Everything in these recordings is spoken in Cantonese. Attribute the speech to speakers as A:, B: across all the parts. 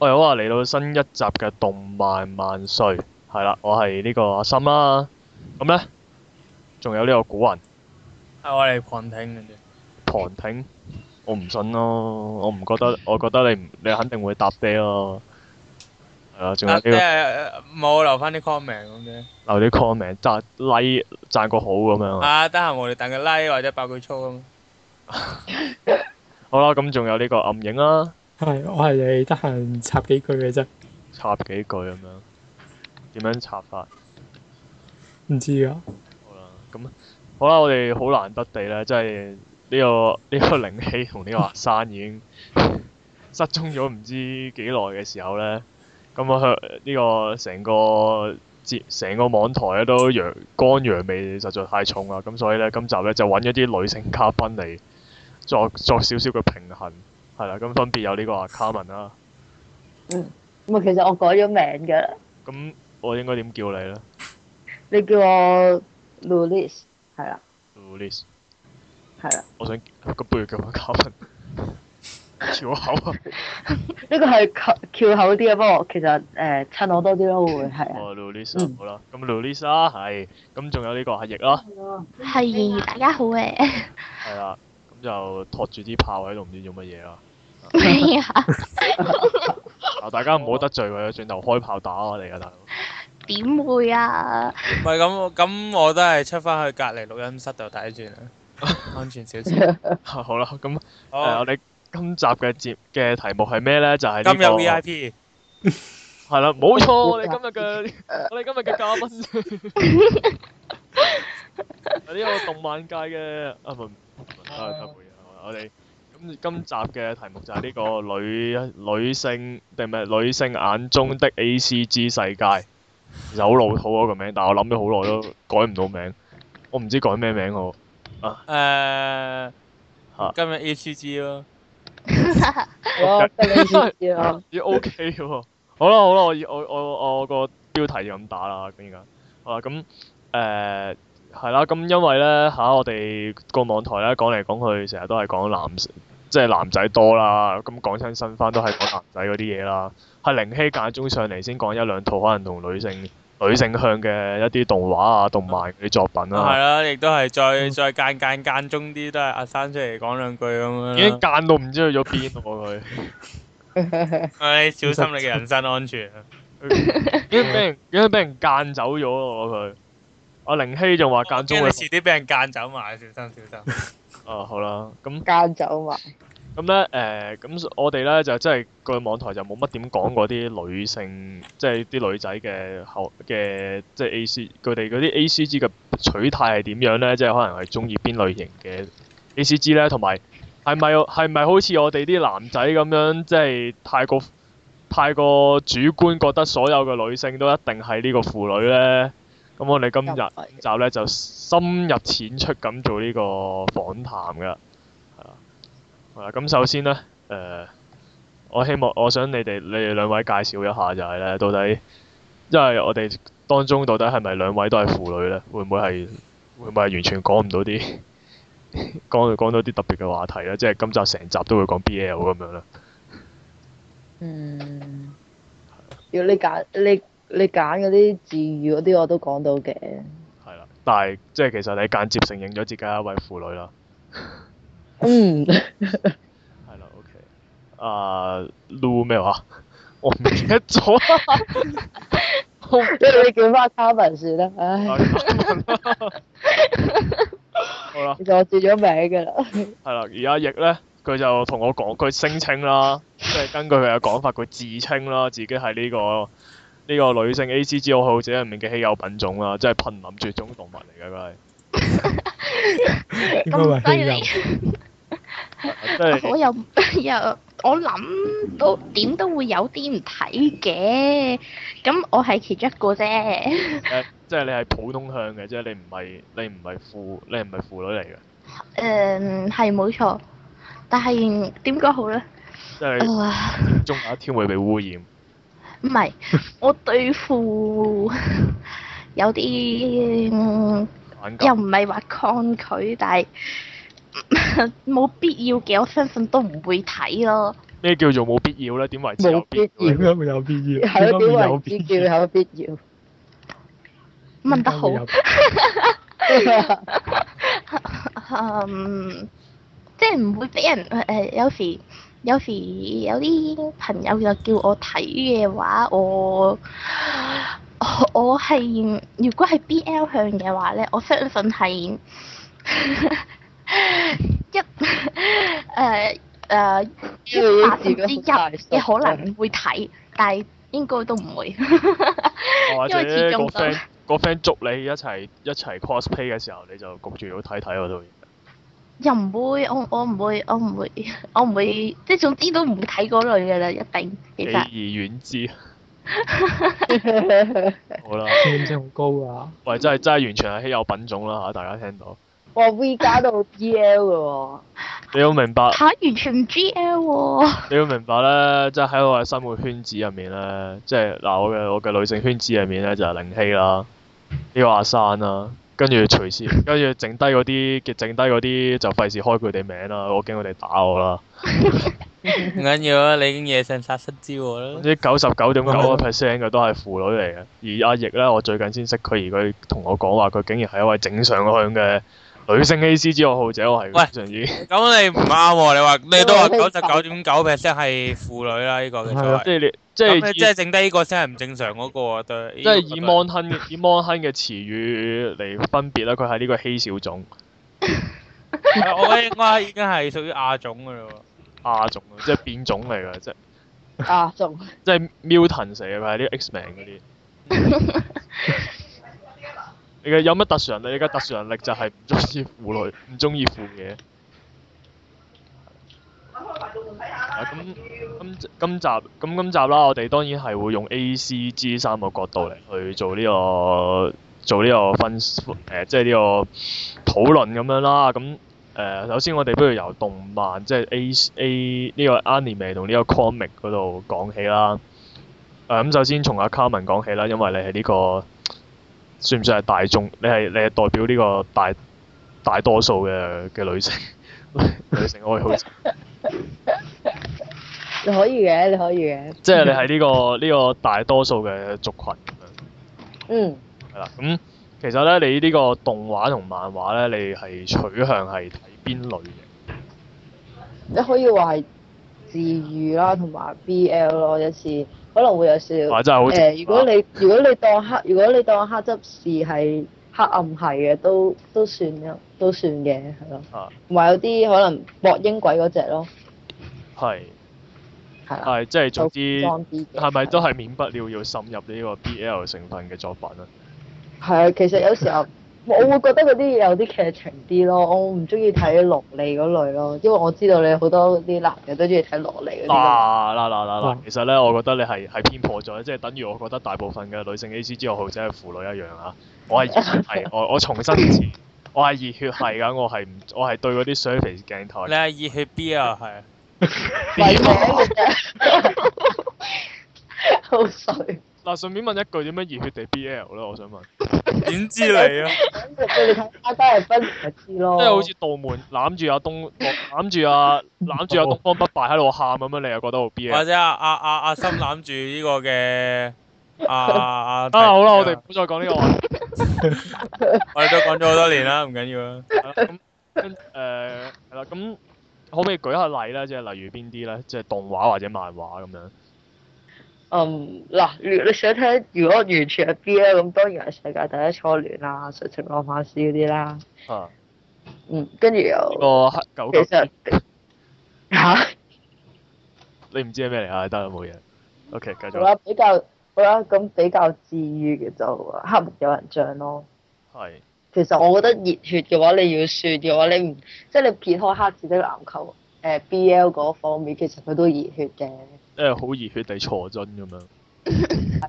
A: 我又可話嚟到新一集嘅《動漫萬歲》係啦，我係呢個阿心啦，咁呢仲有呢個古云，係我哋
B: 旁聽嘅啫。
A: 旁聽？我唔信咯，我唔覺得，我覺得你唔你肯定會答啤咯。係啊，仲有啲。即
B: 係冇留翻啲 comment 咁
A: 啫。留啲 comment，讚 like 讚個好咁樣。啊，
B: 得閒我哋等佢 like 或者
A: 爆佢粗咁。好啦，咁仲有呢個暗影啦。係，我係你得閒插幾句嘅啫。插幾句咁樣，點樣插法？唔知啊。好啦，咁好啦，我哋好難得地咧，即係呢個呢個靈氣同呢個阿山已經失蹤咗唔知幾耐嘅時候咧，咁啊呢個成個節成個網台咧都陽剛陽味實在太重啦，咁所以咧今集咧就搵一啲女性嘉賓嚟作作少少嘅平衡。係啦，咁分別有呢、這個阿卡文啦。啊、
C: 嗯，咁啊，其實我改咗名噶。
A: 咁我應該點叫你咧？
C: 你叫我 Luis，係啦。Luis，係啦。
A: 的我想，咁不如叫阿卡文，翹口啊。
C: 呢 個係翹口啲啊，不過其實誒襯、呃、我多啲咯，會係。哦，Luis，、嗯、好
A: 啦，咁 Luisa 係，咁仲有呢、這個阿
D: 譯咯。係，的嗯、大家好誒。
A: 係啦，咁就托住啲炮喺度，唔知做乜嘢啦。咩啊？啊，大家唔好得罪喎，轉頭開炮打我哋㗎，大佬！
D: 點會啊？
B: 唔係咁，咁我都係出翻去隔離錄音室度睇住啊，
A: 安全少少。好啦，咁我哋今集嘅節嘅題目係咩咧？就係今日 VIP，係啦，冇錯，我哋今日嘅我哋今日嘅嘉賓係呢個動漫界嘅啊，我哋。今集嘅題目就係呢、這個女女性定唔係女性眼中的 A.C.G 世界，有老土嗰個名，但係我諗咗好耐都改唔到名，我唔知改咩名好啊。誒、呃、啊、今日 A.C.G 咯，今日 A.C.G 咯，要 OK 喎。好啦好啦，我我我我個標題要咁打好啦，咁而家、呃？啊咁誒係啦，咁因為咧吓我哋個網台咧講嚟講去，成日都係講男性。即係男仔多啦，咁講親新番都係講男仔嗰啲嘢啦。係靈希間中上嚟先講一兩套可能同女性、女性向嘅一啲動畫啊、動漫啲作品啦。係啦、
B: 嗯，亦都係再再，再間間間中啲都係阿生出嚟講兩句咁樣。已經間到唔知去咗邊咗佢。唉、 哎，小心你嘅人身安全
A: 啊！俾 人已俾人間走咗喎佢。阿靈、啊、希仲話間中會。遲
B: 啲俾人間走埋小心小心。小心
A: 啊好啦，咁間啊嘛。嗯、咁咧誒、呃，咁我哋咧就真係個網台就冇乜點講過啲女性，即係啲女仔嘅後嘅，即係 A C 佢哋嗰啲 A C G 嘅取態係點樣咧？即係可能係中意邊類型嘅 A C G 咧？同埋係咪係咪好似我哋啲男仔咁樣，即係太過太過主觀，覺得所有嘅女性都一定係呢個腐女咧？咁我哋今日今集呢，就深入淺出咁做呢個訪談㗎，係啊，係啦。咁首先呢，誒、呃，我希望我想你哋你哋兩位介紹一下就係呢，到底，因為我哋當中到底係咪兩位都係婦女呢？會唔會係會唔會係完全講唔到啲， 講講到啲特別嘅話題呢？即係今集成集都會講 B L 咁樣啦。嗯。的
C: 要你解你。你揀嗰啲自愈嗰啲我都講到嘅，
A: 係啦，但係即係其實你間接承認咗自己係一位婦女啦。嗯，
C: 係 啦
A: ，OK。啊，Lu 咩話？我唔記得咗，即 你叫翻
C: Kevin 算啦。唉。好啦。其實我轉咗名㗎啦。
A: 係啦，而家譯咧，佢就同我講，佢聲稱啦，即係根據佢嘅講法，佢自稱啦，自己係呢個。呢個女性 ACG 愛好者入面嘅稀有品種啦，即係瀕臨絕種動物嚟嘅佢
D: 係。咁犀利。我又又我諗都點都會有啲唔睇嘅，咁我係其中一個啫。
A: 誒，即係你係普通向嘅啫，即係你唔係你唔係婦你唔係婦女嚟嘅。
D: 誒，係冇錯。但係點講好咧？即係。哇！
A: 總有一天會被污染。
D: 唔係，我對付 有啲，又唔係話抗拒，但係冇 必要嘅，我相信都唔會睇咯。
A: 咩叫做冇必要咧？點為之有必要？冇必要，有冇必要？係啊，有必要，
D: 有必要。問得好。嗯，即係唔會俾人誒、呃，有時。有時有啲朋友就叫我睇嘅話，我我係如果係 BL 向嘅話咧，我相信係 一誒誒、呃呃、一百分之一嘅可能會睇，但係應該都唔會。
A: 因為始或者個 friend 個 friend 捉你一齊一齊 cosplay 嘅時候，你就焗住要睇睇喎
D: 又唔會，我我唔會，我唔會，我唔會，即係總之都唔會睇嗰類嘅啦，一定。避而遠之。
A: 好啦，聲好高啊！喂，真係真係完全係稀有品種啦嚇，大家聽到。
C: 我 V 加到 G L 嘅、
D: 哦、喎。
A: 你要明白。嚇、
D: 啊！完全唔 G L 喎、
A: 哦。 你要明白咧，即係喺我嘅生活圈子入面咧，即係嗱我嘅我嘅女性圈子入面咧，就係靈希啦，呢個阿珊啦、啊。跟住隨時，跟住剩低嗰啲剩低嗰啲就費事開佢哋名啦，我驚佢哋打我啦。
B: 唔緊要啊，你已經惹上殺失之禍啦。啲
A: 九十九點九個 percent 嘅都係腐女嚟嘅，而阿易咧，我最近先識佢，而佢同我講話，佢竟然係一位正常向嘅。女性 A C G 愛好者我係。喂，常志，
B: 咁你唔啱喎，你話咩都話九十九點九 percent 係婦女啦，呢、這個嘅，即係即係剩低呢個先係唔正常嗰、那個對，即係是以 m o
A: n n 以 m o n 嘅詞語嚟分別啦，佢係呢個稀少種，
C: 我應
A: 該已經係屬於亞種噶啦，亞種即係變種嚟噶，即係亞種，即係中 m i l t o n 死啊，唔係啲個 X 名嗰啲。 你嘅有乜特殊能力？你嘅特殊能力就係唔中意腐女，唔中意腐嘢。咁今、 啊嗯、今集咁、嗯、今集啦，我哋當然係會用 A、C、G 三個角度嚟去做呢、這個呢個做呢個分誒、呃，即係呢個討論咁樣啦。咁、嗯、誒、呃，首先我哋不如由動漫即係 A A 呢個 Anime 同呢個 Comic 嗰度講起啦。誒、嗯，咁首先從阿 Carmen 講起啦，因為你係呢、這個呢個。算唔算係大眾？你係你係代表呢個大大多數嘅嘅女性女性愛好者？你
C: 可以嘅，是你可以嘅。即係你
A: 係呢個呢個大多數嘅族群。嗯。係啦，咁其實咧，你呢個動畫同漫畫咧，你係取向係睇邊類嘅？
C: 你可以話係治癒啦，同埋 BL 咯，有時。可能會有少少，誒，如果你如果你當黑，如果你當黑執事係黑暗系嘅，都都算嘅，都算嘅，係咯。啊！同埋有啲可能博英鬼嗰隻咯。
A: 係。係啦。即係總之，係咪都係免不了要深入呢個 BL 成分嘅作品啊？
C: 係啊，其實有時候。我會覺得嗰啲有啲劇情啲咯，我唔中意睇羅莉嗰類咯，因為我知道你好多啲男嘅都中意睇羅莉啲咯。
A: 嗱嗱嗱嗱，其實咧，我覺得你係係偏頗咗，即係等於我覺得大部分嘅女性 ACG 愛好者係腐女一樣嚇。我係係我我重新，我係熱血係噶，我係唔我係對嗰啲 service 鏡台。你係熱血 B 啊，係。
C: 好衰。
A: 嗱、啊，順便問一句點樣熱血地 BL 咧、啊？我想問，點知你啊？你
C: 睇阿即係好似道門
A: 攬住阿東攬住阿攬住阿東方不敗喺度喊咁樣，你又覺得好 BL？或者
B: 阿阿阿森攬住呢個嘅阿阿。啊好啦，我哋唔好再講呢個話題。我哋都講咗好多年啦，唔
A: 緊要啦。咁誒係啦，咁可唔可以舉下例咧？即係例如邊啲咧？即係動畫或者漫畫咁樣。
C: 嗯，嗱、um，你想睇如果完全係 BL 咁，當然係世界第一初戀啦，純情浪漫史嗰啲啦。啊。嗯，跟住又。個黑
A: 狗。其實。嚇？ 你唔知係咩嚟啊？得啦，冇嘢。O K，繼續。係啦、啊，
C: 比較好啦，咁比較治愈嘅就黑木有人像咯。
A: 係是。
C: 其實我覺得熱血嘅話，你要算嘅話，你唔即係你撇開黑子的籃球誒、呃、BL 嗰方面，其實佢都熱血嘅。
A: 即係好熱血地坐陣咁樣，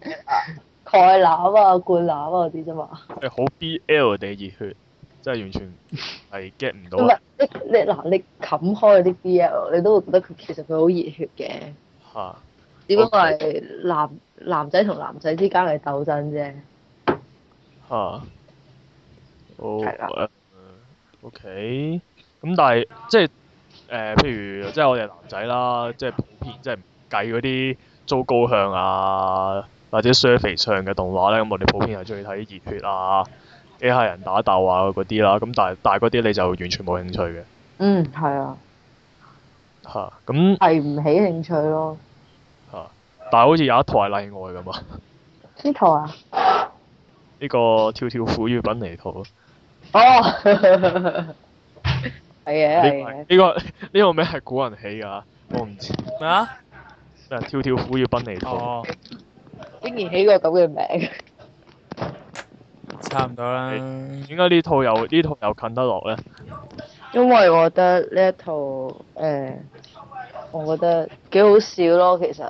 C: 蓋籃 啊、灌籃啊嗰啲啫嘛。
A: 係好 B L 地熱血，即係完全係 get 唔到。
C: 你你嗱，你冚開嗰啲 B L，你都會覺得佢其實佢好熱血嘅。嚇！只不過係男男仔同男仔之間嘅鬥爭啫。
A: 嚇！好。O K，咁但係、呃、即係誒，譬如即係我哋男仔啦，即係普遍，即係。計嗰啲糟糕向啊，或者 service 上嘅動畫咧，咁我哋普遍係中意睇熱血啊、機械人打鬥啊嗰啲啦。咁但係但係嗰啲你就完全冇興趣嘅。嗯，係、嗯、
C: 啊。吓、嗯，咁係唔起興趣咯。
A: 吓，但係好似有一套係例外咁啊台。呢
C: 套啊？呢
A: 個跳跳虎與笨泥兔。
C: 哦。係啊，呢
A: 個呢、這個名係、這個、古人起噶，我唔知。咩啊？跳跳虎要奔嚟拖，
C: 竟然起個咁嘅名，
A: 差唔多啦。點解呢套又呢套又近得落咧？
C: 因為我覺得呢一套誒、呃，我覺得幾好笑咯，其
A: 實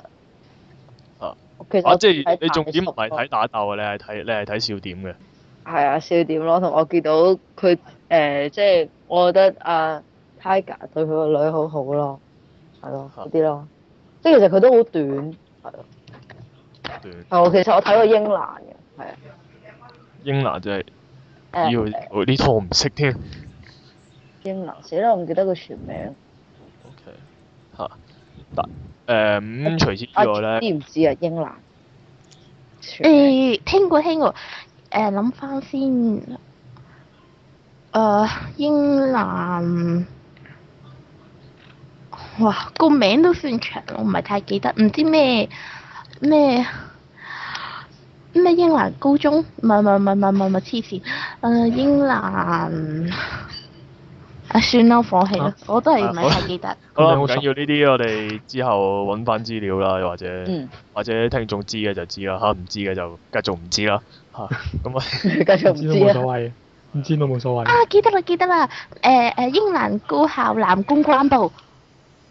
A: 啊，其實、啊、即係你重點唔係睇打鬥啊，你係睇你係睇笑點
C: 嘅，係啊，笑點咯。同我見到佢誒、呃，即係我覺得阿、啊、Tiger 對佢個女好好咯，係咯，啲咯。即係其實佢都好短，係啊。係我對、哦、其實我睇過英蘭嘅，係啊。
A: 英蘭
C: 就
A: 係，呢、嗯、套我唔識添。
C: 英蘭，死啦！我唔記得個全名。OK，
A: 吓，嗱，咁除此
D: 之外咧，知唔、啊、
C: 知啊？英蘭？
D: 誒，聽過聽過，誒諗翻先，誒、呃、英蘭。哇，個名都算長，我唔係太記得，唔知咩咩咩英蘭高中，唔係唔係唔係唔係唔係黐線，誒、呃、英蘭啊，算啦，我放棄啦，啊、我都係唔係太記得。好唔緊
A: 要呢啲，我哋之後搵翻資料啦，又或者或者聽眾知嘅就知啦，吓唔知嘅就繼續唔知啦，吓咁啊繼
D: 續唔知都冇所
A: 謂，唔知都冇所謂。
D: 啊記得啦記得啦，誒誒英蘭高校男公關部。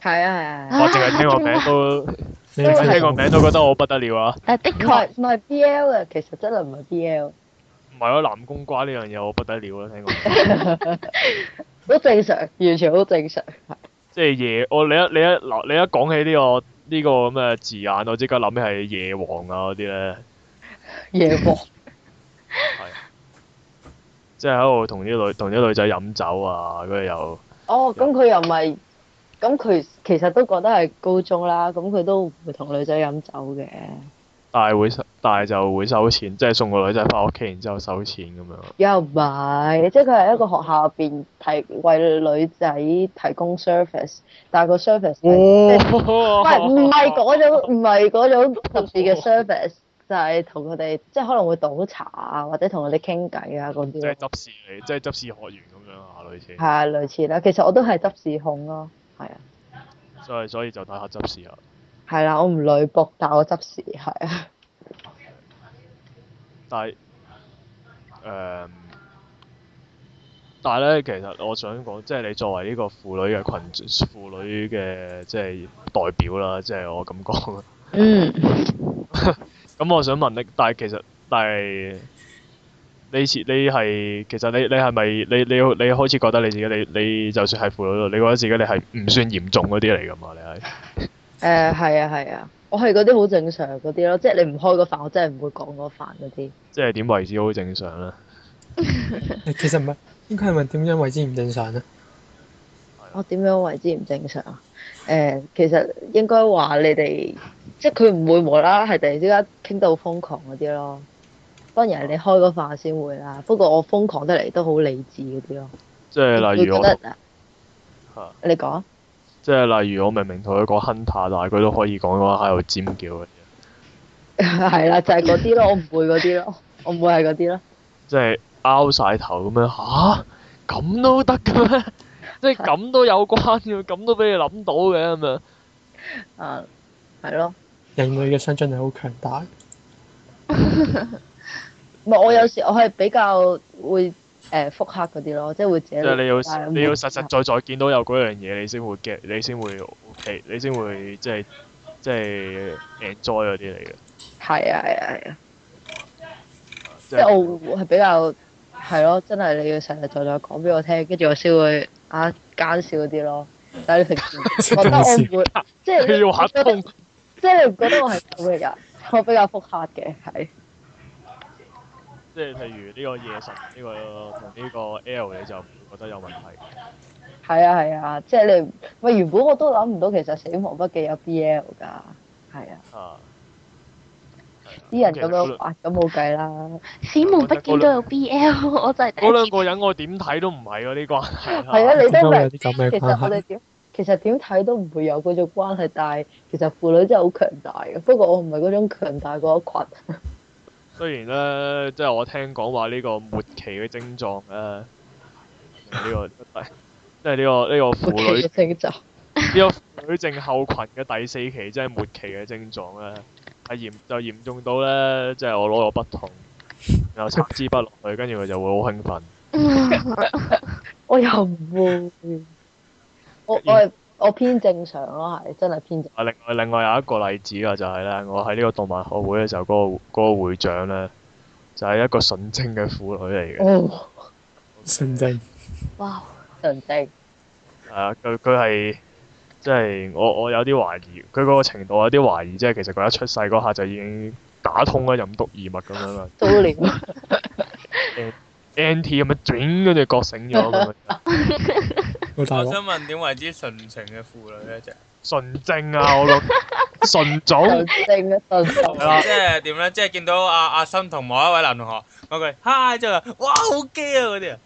D: 係啊係啊，我淨係聽個名
A: 都，你淨係聽個名都覺得我不得了啊！
C: 但的確，唔係 BL 啊，其實真係唔係 BL。
A: 唔係啊，男公關呢樣嘢我不得了啊。聽講。好
C: 正常，完全好正常。
A: 即係夜我你一你一你一講起呢、呢個呢、呢個咁嘅字眼，我即刻諗起係夜王啊嗰啲咧。呢
C: 夜王。係
A: 即係喺度同啲女同啲女仔飲酒啊！跟住又。
C: 哦，咁佢又唔係。咁佢其實都覺得係高中啦，咁佢都唔會同女仔飲酒嘅。
A: 但係會收，但係就會收錢，即係送個女仔翻屋企，然之後收錢咁樣。
C: 又唔係，即係佢係一個學校入邊提為女仔提供 service，但係個 service 唔係唔係嗰種唔係嗰種特別嘅 service 就係同佢哋即係可能會倒茶啊，或者同佢哋傾偈啊嗰啲。即
A: 係執事，即係執事學員咁樣啊，類似。係啊，類似啦，其實我都係
C: 執事控咯。
A: 係啊，所以所以就打黑執事啊。
C: 係啦，我唔女博，但我執事係啊。
A: 但係誒，但係咧，其實我想講，即係你作為呢個婦女嘅群，婦女嘅即係代表啦，即係我咁講。嗯。咁我想問你，但係其實但係。你你係，其實你你係咪你你你開始覺得你自己你你就算係負了，你覺得自己你係唔算嚴重嗰啲嚟㗎嘛？你係
C: 誒係啊係啊，我係嗰啲好正常嗰啲咯，即係你唔開個飯，我真係唔會講嗰飯嗰啲。
A: 即係點為之好正常呢？其實唔係，
B: 應該係問點樣為之唔正常呢？
C: 我點 樣為之唔正常？正常啊？誒、呃，其實應該話你哋，即係佢唔會無啦啦係突然之間傾到好瘋狂嗰啲咯。當然係你開嗰化先會啦，不過我瘋狂得嚟都好理智嗰啲咯。
A: 即係例如我，
C: 係啊，
A: 你講。即係例如我明明同佢講 Hunter，但係佢都可以講話喺度尖叫啲。
C: 係 啦，就係嗰啲咯，我唔會嗰啲咯， 我唔會係嗰啲咯。
A: 即係拗晒頭咁樣吓？
C: 咁都得嘅咩？即係
A: 咁都有關嘅，咁都俾你諗到嘅咁樣。啊，係、 啊、咯。
B: 人類嘅想像力好強大。
C: 唔係我有時我係比較會誒腹黑嗰啲咯，即係會自己攞即係你要你要實實在
A: 在，在見到有嗰樣嘢，你先會 get 你先會 OK，你先會即係即係 enjoy 嗰啲嚟嘅。
C: 係啊係啊係啊！即係、啊啊啊啊、我係比較係咯、啊，真係你要實實在在講俾我聽，跟住我先會啊奸笑嗰啲咯。但係你平時覺得我會 哈哈即係你，你，要你覺得我係咁嘅人，我比較腹黑嘅係。
A: 即係譬如呢個夜神，呢、這個同呢、這個 L，你就覺得有問
C: 題。係啊係啊，即係、啊就是、你，喂，原本我都諗唔到其，啊啊、其實《啊、死亡筆記》有 BL 㗎，係啊。
D: 啲人咁樣哇，咁冇計啦，《死亡筆記》都有 BL、啊、我真係。嗰兩個
A: 人我點睇都唔係喎，呢個。係啊，你都明知其實我哋點，
C: 其實點睇都唔會有嗰種關係，但係其實腐女真係好強大嘅。不過我唔係嗰種強大嗰一群。
A: 雖然咧，即、就、係、是、我聽講話呢個末期嘅症狀咧，呢、就是這個即係呢個呢、
C: 這個婦女，呢
A: 個女症候群嘅第四期，即、就、係、是、末期嘅症狀咧，係嚴就嚴重到咧，即、就、係、是、我攞個筆筒，又插支筆落去，跟住佢就會好興奮
C: 我又唔會，我我。我偏正常咯，係真係偏正
A: 常。啊，另外另外有一個例子㗎，就係咧，我喺呢個動物學會嘅時候，嗰個嗰個會長咧，就係一個純正嘅婦女嚟
C: 嘅。哦，純正，哇，純正。
A: 啊，佢佢係，即係我我有啲懷疑，佢嗰個程度有啲懷疑，即係其實佢一出世嗰下就已經打通咗任督二脈咁樣啦。都連。N N T 咁樣轉嗰隻覺醒咗。我想
B: 問點為之純情嘅婦女呢？即係
A: 純正啊！我純 種，純正嘅純種。即係
B: 點咧？即係見到阿阿森同某一位男同學嗰句，okay, hi，即係哇好驚啊嗰啲啊。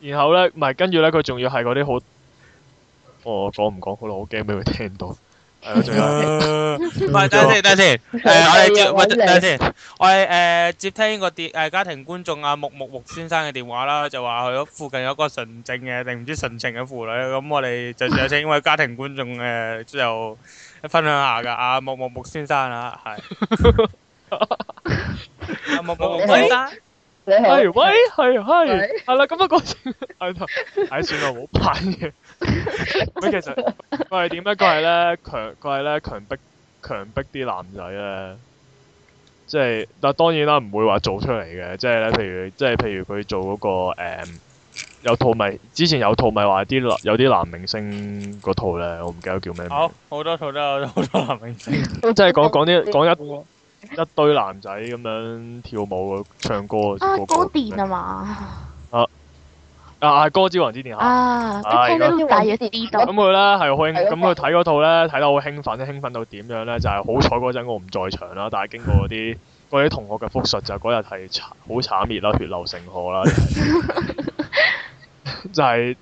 A: 然後呢，唔係跟住呢，佢仲要係嗰啲好，我講唔講好咯？好驚俾佢聽到。誒，唔係，等陣先，等陣先，誒，我哋接，等陣先，
B: 我哋誒接聽個電誒家庭觀眾阿木木木先生嘅電話啦，就話佢附近有個純正嘅定唔知純情嘅婦女，咁我哋就請呢位家庭觀眾誒就分享下噶。阿木木木先生啊，係，阿木木木先
A: 生，你係，喂，係係，係啦，咁啊個，哎呀，哎算啦，冇扮嘢。喂， 其實喂，點解佢係咧強，佢係咧強逼強逼啲男仔咧？即係，但當然啦，唔會話做出嚟嘅，即係咧，譬如，即係譬如佢做嗰、嗰個誒、嗯，有套咪之前有套咪話啲有啲男，男明星嗰套咧，我唔記得叫咩、哦？好，
B: 好多套都有好，好，好，好多男明星，
A: 即係講講啲講一一,一堆男仔咁樣跳舞唱歌，唱歌、那個、啊歌電啊嘛。哥之之啊！哥斯皇之殿下，
D: 啊，咁佢咧係好，咁佢睇
A: 嗰套咧睇得好興奮，咧、嗯、興奮到點樣咧？就係、是、好彩嗰陣我唔在場啦，但係經過啲嗰啲同學嘅復述，就嗰日係好慘烈啦，血流成河啦，就係、是、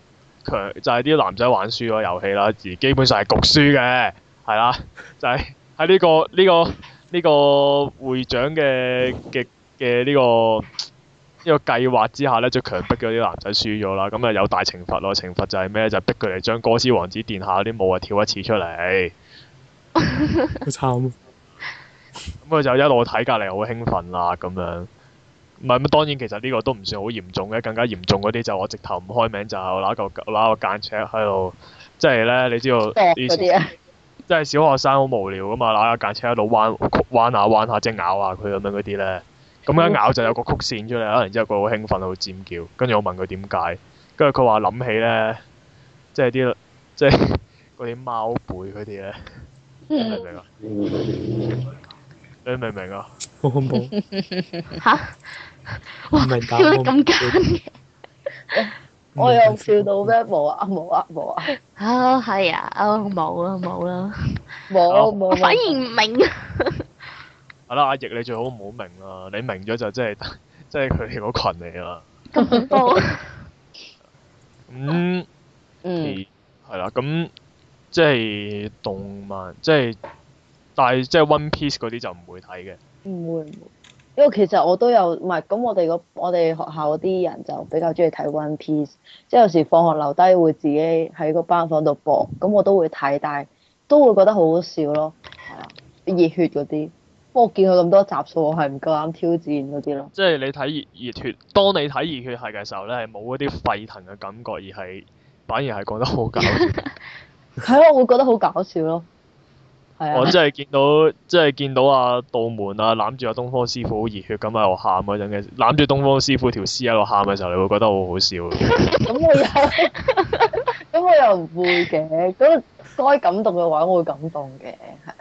A: 強、 就是，就係、是、啲男仔玩輸嗰遊戲啦，而基本上係焗輸嘅，係啦，就係喺呢個呢、這個呢、這個這個會長嘅嘅嘅呢個。呢個計劃之下呢就強迫嗰啲男仔輸咗啦。咁啊有大懲罰咯，懲罰就係咩就係逼佢哋將《歌斯王子殿下》嗰啲舞啊跳一次出嚟。好慘啊！咁佢就一路睇隔離好興奮啦，咁樣。唔係乜？當然其實呢個都唔算好嚴重嘅，更加嚴重嗰啲就我直頭唔開名，就拿個拿個間尺喺度，即係呢，你知道以前， 即係小學生好無聊噶嘛，拿個間尺喺度彎彎下彎下，即咬下佢咁樣嗰啲呢。咁樣咬就有個曲線出嚟，啊！然之後佢好興奮，好尖叫。跟住我問佢點解，跟住佢話諗起咧，即係啲即係嗰啲貓背佢哋咧，明唔明啊？你明唔
D: 明啊？好恐怖！嚇！我笑得咁緊嘅，我又笑到咩？冇啊冇啊冇啊！啊係啊啊冇啊冇啦，冇冇，我反而唔明啊！
A: 係啦，阿奕，你最好唔好明啦。你明咗就即係即係佢哋個群嚟啦。
D: 咁
A: 多嗯嗯係啦，咁即係動漫，即係但係即係 One Piece 嗰啲就唔會睇嘅。
C: 唔會，唔會，因為其實我都有唔係咁，我哋個我哋學校嗰啲人就比較中意睇 One Piece，即係有時放學留低會自己喺個班房度播咁，我都會睇，但係都會覺得好好笑咯。係啊，熱血嗰啲。不過我見佢咁多集數，我係唔夠膽挑戰嗰啲咯。
A: 即係你睇熱熱血，當你睇熱血係嘅時候咧，係冇嗰啲沸騰嘅感覺，而係反而係講得好搞
C: 笑、， 嗯。係啊，會覺得好搞笑咯。係啊。我真
A: 係見到，即係見到阿道門啊，攬住阿東方師傅好熱血，咁喺度喊嗰陣嘅，攬住東方師傅條屍喺度喊嘅時候，你會覺得好好笑、， 嗯。咁我又，
C: 咁、 嗯、我又唔會嘅。咁該感動嘅話，我會感動嘅。係啊。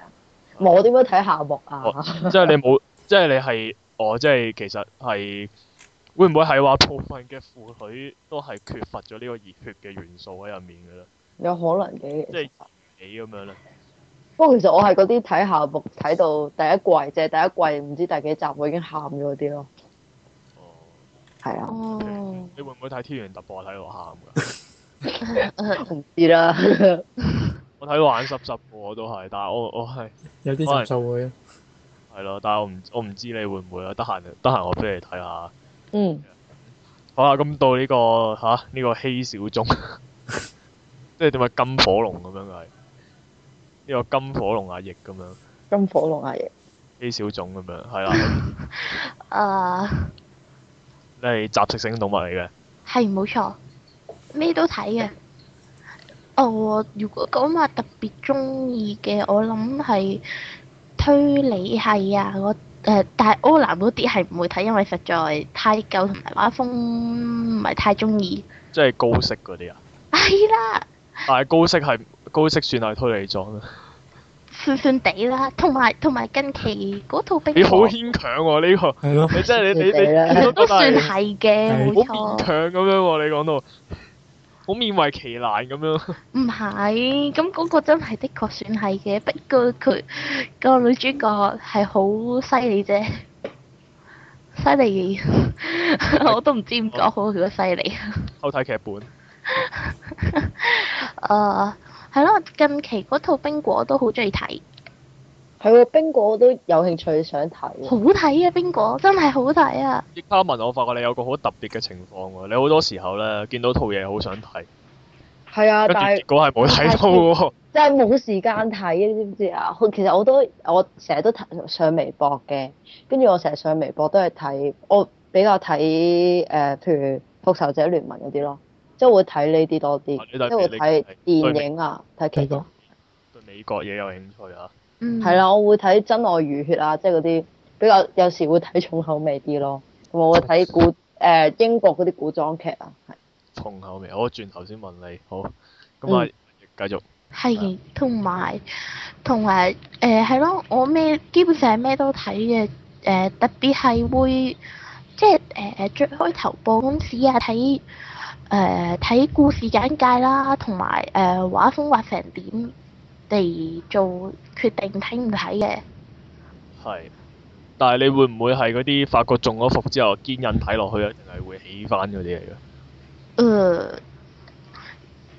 C: 冇點樣睇夏目啊！ oh,
A: 即係你冇，即係你係，我、oh, 即係其實係會唔會係話部分嘅父女都係缺乏咗呢個熱血嘅元素喺入面嘅
C: 咧？有可能嘅。
A: 即係你咁樣咧？
C: 不過其實我係嗰啲睇夏目睇到第一季，即、就、係、是、第一季唔知第幾集我已經喊咗啲咯。哦。係啊。
A: 你會唔會睇《天元突破》睇到喊㗎？唔知啦。我睇玩濕濕，我都係，但係我我係有啲濕就會咯。係咯，但係我唔我唔知你會唔會啊？得閒得閒我畀你睇下。
C: 嗯。
A: 好啦，咁到呢、這個吓呢、這個稀小種，即係點啊金火龍咁樣嘅係，呢、這個金火龍啊翼咁樣。金火龍啊翼。稀小種咁樣係啦。
D: 啊！ uh,
A: 你係雜食性動物嚟嘅。
D: 係冇錯，咩都睇嘅。我、哦、如果講話特別中意嘅，我諗係推理系啊，我誒、呃、但係柯南嗰啲係唔會睇，因為實在太舊馬蜂太，同埋畫風唔係太中意。
A: 即係高息嗰啲啊？係啦。但係高色係 高息算係推理裝啊？
D: 算算地啦，同埋同埋近期嗰套《冰河》你好牽
A: 強喎、啊、呢、呢個。係咯。你真係你你你都，都，都算係
D: 嘅，冇錯。強
A: 咁樣喎，你講到。好勉為其難咁樣，
D: 唔係。咁嗰個真係的確算係嘅，不過佢個女主角係好犀利啫，犀利 我都唔知點講好，佢好犀利。
A: 好睇劇本。
D: 誒，係 咯、 啊，近期嗰套《冰果》都好中意睇。係喎，冰果我都有興趣想睇，好睇啊！冰果真係好睇啊！
C: 加文，我，發覺
A: 你有個好特別嘅情況喎，你好多時候咧見到套嘢好想睇，
D: 係啊，一直
C: 但係結果
A: 係冇睇到喎，
C: 即係冇時間睇，你知唔知啊？其實我都我成日都上微博嘅，跟住我成日上微博都係睇我比較睇誒，譬、呃、如復仇者聯盟嗰啲咯，即係會睇呢啲多啲，即係代會睇電影啊，睇劇多？對美國
A: 嘢有興趣啊！
C: 係啦，嗯，我會睇《真愛如血》啊，即係嗰啲比較有時會睇重口味啲咯，我會睇古
D: 誒、呃、英國嗰啲古裝劇啊。
A: 重口味，我轉頭先問你，好咁、嗯、啊，繼續。
D: 係，同埋同埋誒係咯，我咩基本上係咩都睇嘅，誒、呃、特別係會即係誒誒最開頭播嗰陣時啊，睇誒睇故事簡介啦，同埋誒畫風畫成點。哋做決定睇唔睇嘅？
A: 係，但係你會唔會係嗰啲發覺中咗伏之後堅韌睇落去係會起翻嗰啲嚟㗎？誒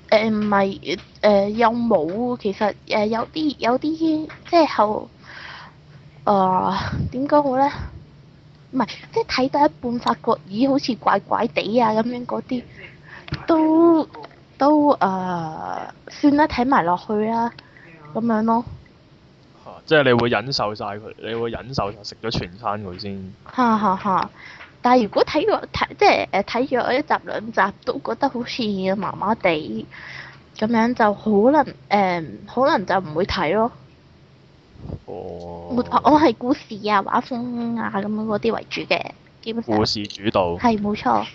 A: 誒唔
D: 係誒又冇，其實誒、呃、有啲有啲，即係後誒點講好咧？唔、呃、係，即係睇到一半發覺咦好似怪怪地啊咁樣嗰啲，都都誒、呃、算啦，睇埋落去啦。咁樣咯，
A: 啊、即係你會忍受晒佢，你會忍受晒食咗全餐佢先。
D: 嚇嚇嚇！但係如果睇過睇即係誒睇咗一集兩集都覺得好似麻麻地，咁樣就可能誒、呃、可能就唔會睇咯。哦。我係、啊、故事啊、畫風啊咁樣嗰啲為主嘅，基本。故
A: 事主導。係冇錯。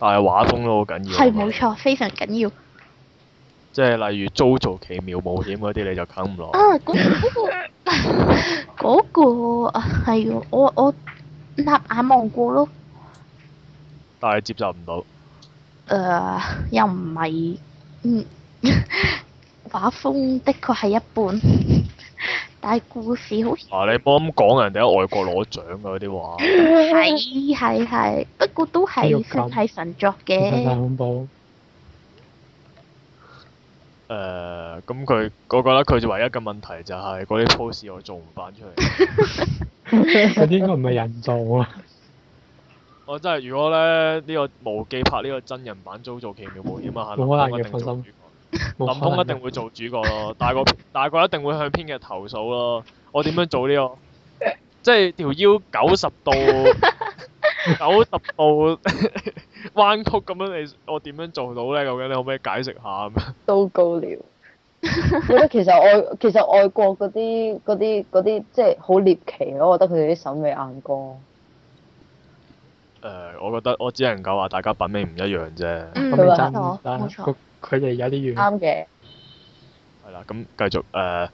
A: 但係畫風都好緊要。係
D: 冇錯，嗎非常緊要。
A: 即係例如遭造奇妙冒險嗰啲你就啃唔落。啊
D: 嗰個嗰個係喎我我拿眼望過咯。
A: 但係接受唔到。
D: 誒又唔係，畫風的確係一般，但係故事好。
A: 啊！你幫我講，人哋喺外國攞獎㗎嗰啲畫。
D: 係係係，不過都係算係神作嘅。太恐
A: 怖。誒，咁佢嗰個咧，佢就唯一嘅問題就係嗰啲 pose 我做唔翻出嚟。佢
B: 應該唔係人做啊！
A: 我真係，如果咧呢個無記拍呢個真人版，都做奇妙冒險啊！林峯一定做主角，林峯一定會做主角咯。但係個但一定會向編劇投訴咯。我點樣做呢個？即係條腰九十度。九十 度 彎曲咁樣，你我點樣做到咧？究竟你可唔可以解釋下咁樣？
C: 都高了，我覺得其實外其實外國嗰啲嗰啲嗰啲即係好獵奇咯。我覺得佢哋啲審美眼光。
A: 誒、呃，我覺得我只能夠話大家品味唔一樣啫。嗯，冇錯。佢哋有啲
B: 遠。
D: 啱嘅的。
A: 係啦，咁繼續誒、呃，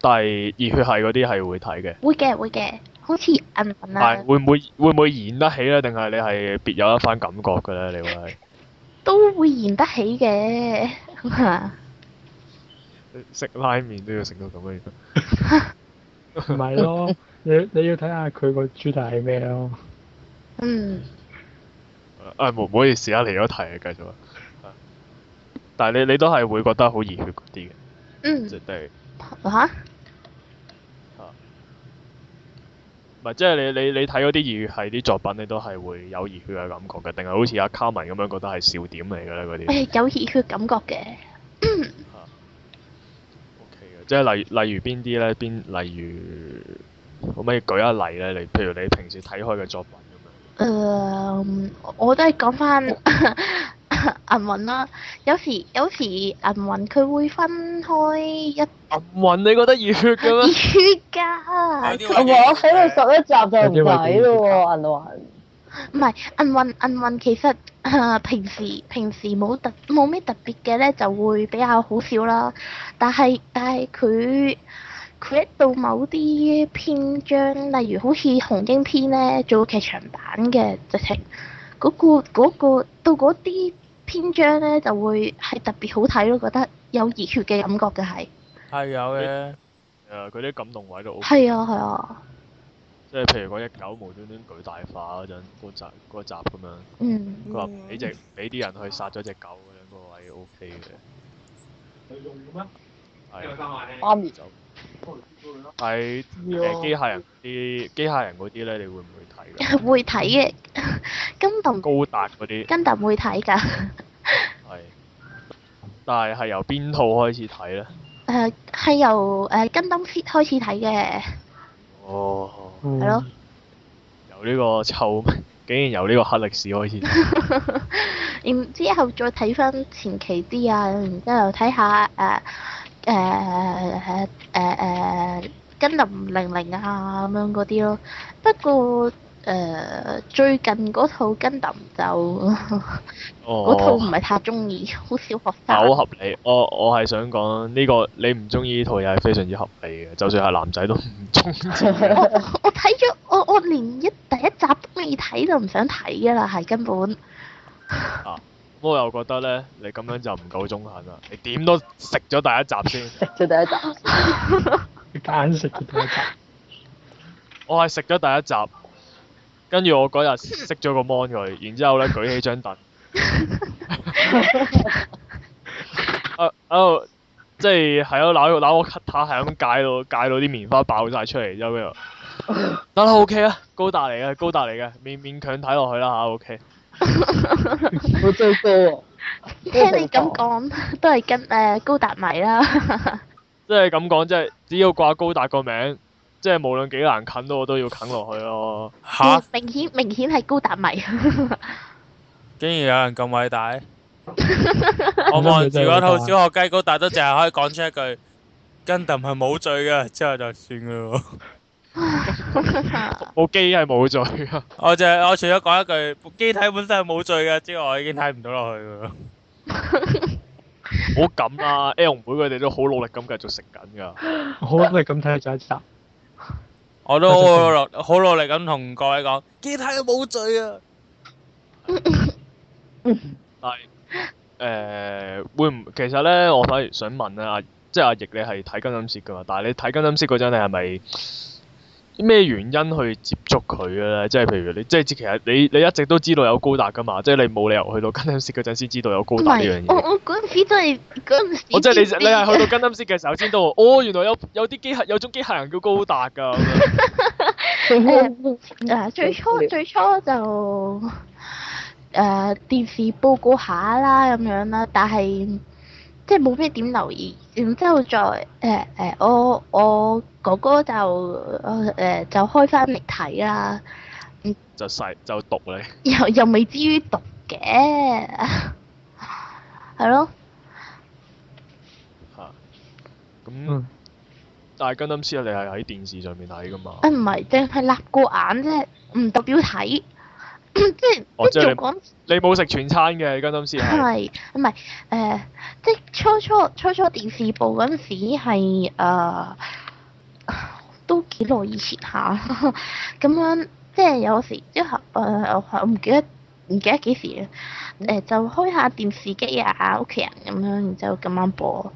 A: 但係熱血系嗰啲係會睇嘅。
D: 會嘅，會嘅。好似係會唔會
A: 會唔會燃得起咧？定係你係別有一番感覺嘅咧？你會係
D: 都會燃得起嘅，
A: 食 拉麵都要食到咁嘅樣。唔係
B: 咯，你你要睇下佢個主題係咩咯？ 嗯。
A: 啊、哎，唔唔好意思啊，離咗題啊，繼續啊。 但係你你都係會覺得好熱血嗰啲嘅。嗯。即係、就是。啊唔係，即係你你你睇嗰啲熱血係啲作品你都係會有熱血嘅感覺嘅，定係好似阿卡文咁樣覺得係笑點嚟嘅咧嗰啲？誒，
D: 有熱血感覺嘅 、
A: okay。即係例例如邊啲咧？邊例如可唔可以舉一例咧？你譬如你平時睇開嘅作品咁樣。
D: 誒、um,，我都係講翻。銀魂啦、啊，有時有時銀魂佢會分開一銀魂，你覺得熱血嘅咩？熱血㗎！我喺度十一集就唔使啦喎，銀魂。唔係銀魂，銀魂其實、啊、平時平時冇特冇咩特別嘅咧，就會比較好笑啦。但係但係佢佢一到某啲篇章，例如好似《紅英篇》咧做劇場版嘅直情嗰個嗰、嗰個到嗰啲。篇章咧就會係特別好睇咯，覺得有熱血嘅感覺嘅係。
A: 係有嘅，誒，嗰啲感動位都。係啊，係啊。即係譬如嗰隻狗無端端巨大化嗰陣，嗰集嗰集咁樣，佢話俾隻俾啲人去殺咗隻狗嘅嗰個位，O K 嘅。佢用嘅咩？係。三頁就。睇誒、呃、機械人啲機械人嗰啲咧，你會唔會睇？會睇嘅，金盾高達嗰啲，金盾會睇㗎。係， 但係係由邊套開始睇咧？
D: 誒係、呃、由誒金盾先開始睇嘅、
A: 哦。哦。係咯、嗯。的由呢個臭，竟然由呢個黑歷史開始。
D: 然 之後再睇返前期啲啊，然之後睇下誒。誒誒誒跟林零零啊咁樣嗰啲咯。不過誒、uh, 最近嗰套跟林就，嗰 套唔係太中意，好小、哦、學生。好合理，
A: 我我係想講呢、呢個你唔中意呢套又係非常之合理嘅，就算係男仔都唔
D: 中意。我睇咗，我我連一第一集都未睇都唔想睇㗎啦，係根本。
A: 我又覺得咧，你咁樣就唔夠中肯啦！你點都食咗第一集先，食
D: 咗第一集，你間食咗第一集，
A: 我係食咗第一集，跟住我嗰日熄咗個芒 o 佢，然之後咧舉起張凳，啊啊，即係係咯，攬、就、攬、是、個 cutter 係咁解到解到啲棉花爆晒出嚟，之後咩得啦，OK 啦、啊，高達嚟嘅，高達嚟嘅，勉勉強睇落去啦嚇、嗯，OK。
C: 我真係好多喎！
D: 聽你咁講，都係跟誒高達迷啦。
A: 即係咁講，即係只要掛高達個名，即係無論幾難啃都我，我都要啃落去咯。嗯，
D: 明顯明顯係高達迷。
A: 竟然有人咁偉大！
D: 我望住嗰套小
B: 學雞高達都淨係可以講出一句，跟特係冇罪嘅，之後就算咯。 部機係冇罪啊！我就我除咗講一句
A: 機體本身係冇罪嘅之外，我已經睇唔到落去噶喇。好，咁啦，L 妹佢哋都好努力咁繼續食緊噶。
B: 好，咁睇咗一集。
A: 我都好落好努力咁同各位講，
B: 機體係冇罪啊。
A: 但係誒，會唔其實咧？我反而想問咧，阿即係阿易，你係睇根針絲噶嘛？但係你睇根針絲嗰陣，你係咪？咩原因去接觸佢咧？即係譬如你，即係其實你你一直都知道有高達㗎嘛？即係你冇理由去到跟音識嗰陣先知道有高達呢樣嘢。
D: 唔係，我我嗰陣時都係我即係你你係去到
A: 跟音識嘅時候先都 哦，原來有有啲機械有種機械人叫高達㗎。高
D: 啊！最初最初就誒、啊、電視報告下啦咁樣啦，但係。即係冇咩點留意，然之後再誒誒、呃呃，我我哥哥就誒、呃，就開翻嚟睇啦。嗯，
A: 就細就讀咧，又
D: 又未至於讀嘅，係 對咯。吓
A: 咁，但係啱啱先啊，你係喺電視上面睇噶嘛？誒唔
D: 係，淨係擸過眼啫，唔代表睇。嗯、即係、哦、即
A: 你冇食說全餐嘅，金針絲係係唔係誒？
D: 即係初，初初初初電視部嗰陣時係、呃、都幾耐以前下咁樣，即係有時之後誒，我唔記得唔記得幾時誒、呃，就開下電視機啊，屋企人咁樣，然之後今晚播，